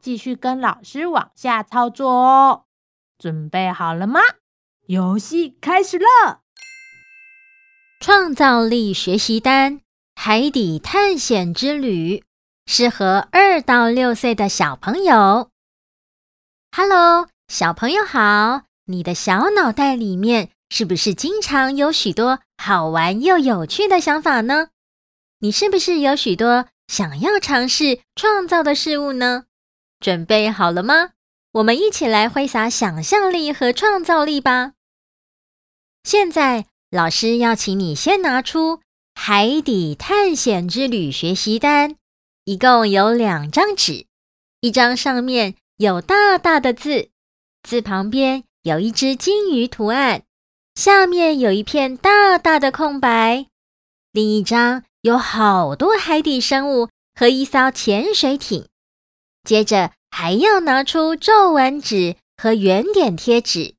繼續跟老師往下操作哦，準備好了嗎？遊戲開始了！創造力學習單《海底探險之旅》適合二到六歲的小朋友。Hello，小朋友好！你的小腦袋裡面是不是經常有許多好玩又有趣的想法呢？你是不是有許多想要嘗試創造的事物呢？準備好了嗎？我們一起來揮灑想象力和創造力吧。現在，老師要請你先拿出《海底探險之旅》學習單，一共有兩張紙，一張上面有大大的字，字旁邊有一隻金魚圖案，下面有一片大大的空白。另一張有好多海底生物和一艘潛水艇。接着還要拿出皺紋紙和圓點貼紙，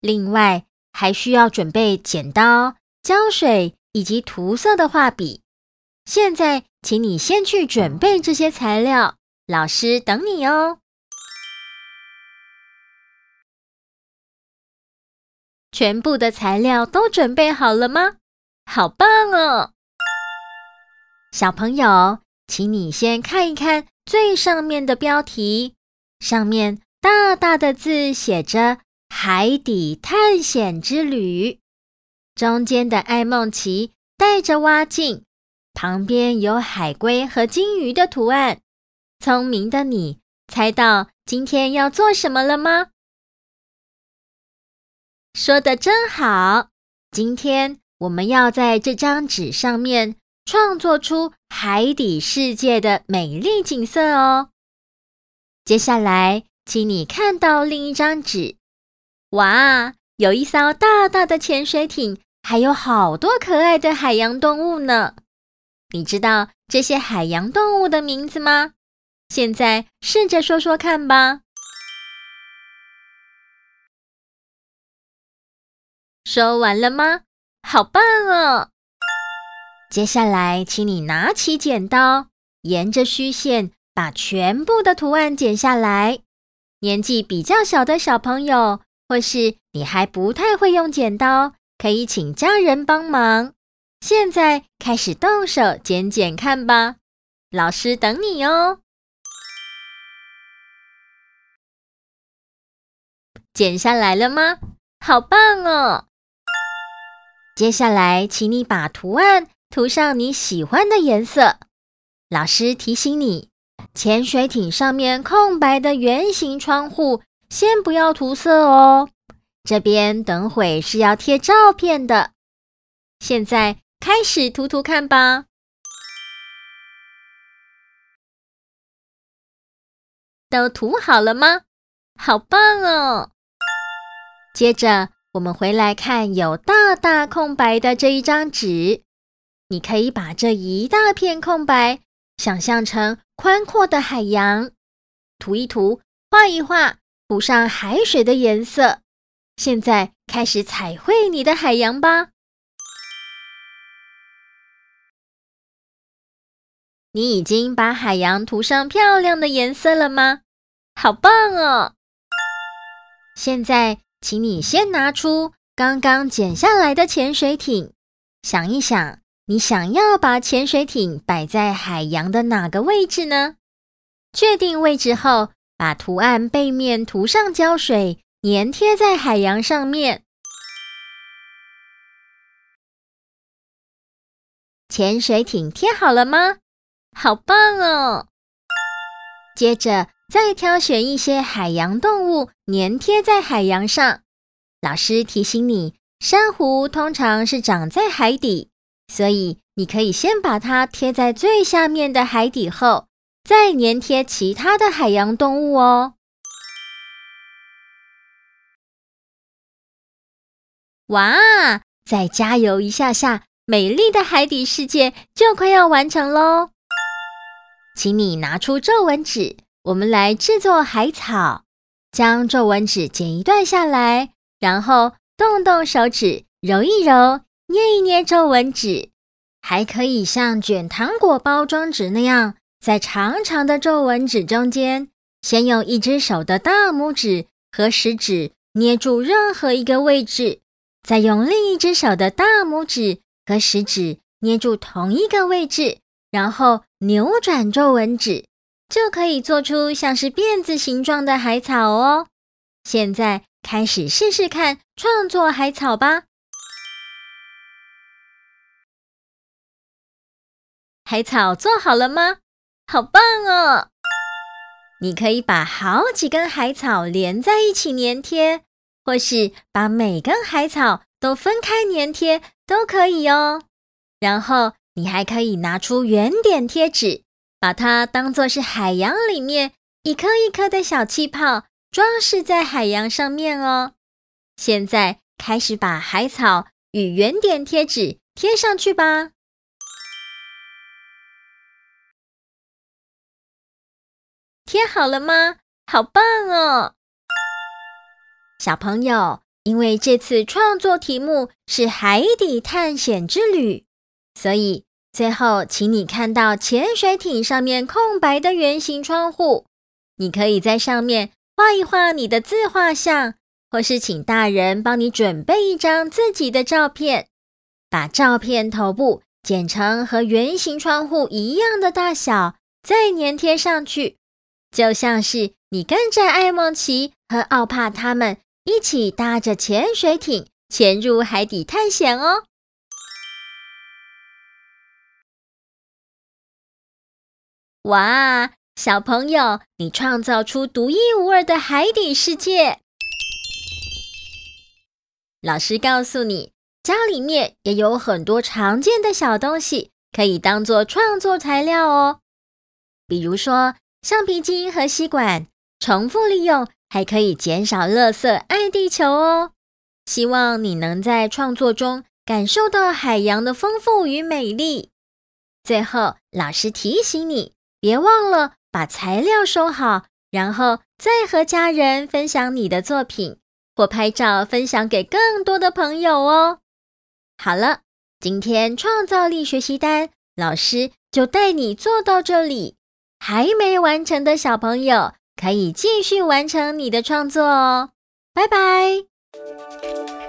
另外還需要準備剪刀、膠水以及塗色的畫筆。現在，請你先去準備這些材料，老師等你哦。全部的材料都準備好了嗎？好棒哦，小朋友，請你先看一看。最上面的標題，上面大大的字寫着“海底探險之旅”。中間的愛孟奇戴着蛙鏡，旁邊有海龜和金魚的圖案。聰明的你，猜到今天要做什麼了嗎？說的真好！今天我們要在這張紙上面。創作出海底世界的美麗景色哦。接下來，請你看到另一張紙。哇，有一艘大大的潛水艇，還有好多可愛的海洋動物呢。你知道這些海洋動物的名字嗎？現在試着說說看吧。說完了嗎？好棒哦！接下來，請你拿起剪刀，沿着虛線把全部的圖案剪下來。年紀比較小的小朋友，或是你還不太會用剪刀，可以請家人幫忙。現在開始動手剪剪看吧，老師等你哦。剪下來了嗎？好棒哦！接下來，請你把圖案。塗上你喜歡的顏色。老師提醒你，潛水艇上面空白的圓形窗戶先不要塗色哦。這邊等會是要貼照片的。現在開始塗塗看吧。都塗好了嗎？好棒哦！接着我們回來看有大大空白的這一張紙。你可以把這一大片空白想象成寬闊的海洋，塗一塗，畫一畫，塗上海水的顏色。現在開始彩繪你的海洋吧！你已經把海洋塗上漂亮的顏色了嗎？好棒哦！現在，請你先拿出剛剛剪下來的潛水艇，想一想。你想要把潛水艇擺在海洋的哪個位置呢？確定位置後，把圖案背面塗上膠水，粘貼在海洋上面。潛水艇貼好了嗎？好棒哦！接着，再挑選一些海洋動物粘貼在海洋上。老師提醒你，珊瑚通常是長在海底。所以你可以先把它貼在最下面的海底後，再粘貼其他的海洋動物哦。哇，再加油一下下，美麗的海底世界就快要完成嘍！請你拿出皺紋紙，我們來製作海草。將皺紋紙剪一段下來，然後動動手指，揉一揉。捏一捏皺紋紙，還可以像捲糖果包裝紙那樣，在長長的皺紋紙中間，先用一隻手的大拇指和食指捏住任何一個位置，再用另一隻手的大拇指和食指捏住同一個位置，然後扭轉皺紋紙，就可以做出像是辮子形狀的海草哦。現在開始試試看創作海草吧。海草做好了嗎？好棒哦！你可以把好幾根海草連在一起粘貼，或是把每根海草都分開粘貼，都可以哦。然後你還可以拿出圓點貼紙，把它當做是海洋裡面一顆一顆的小氣泡，裝飾在海洋上面哦。現在開始把海草與圓點貼紙貼上去吧。貼好了嗎？好棒哦，小朋友！因為這次創作題目是海底探險之旅，所以最後，請你看到潛水艇上面空白的圓形窗戶，你可以在上面畫一畫你的自畫像，或是請大人幫你準備一張自己的照片，把照片頭部剪成和圓形窗戶一樣的大小，再粘貼上去。就像是你跟着愛孟奇和奧帕他們一起搭着潛水艇潛入海底探險哦！哇，小朋友，你創造出獨一無二的海底世界！老師告訴你，家裡面也有很多常見的小東西可以當做創作材料哦，比如說。橡皮筋和吸管重複利用，還可以減少垃圾，愛地球哦。希望你能在創作中感受到海洋的豐富與美麗。最後，老師提醒你，別忘了把材料收好，然後再和家人分享你的作品，或拍照分享給更多的朋友哦。好了，今天創造力學習單，老師就帶你做到這裡。還沒完成的小朋友，可以繼續完成你的創作哦。拜拜。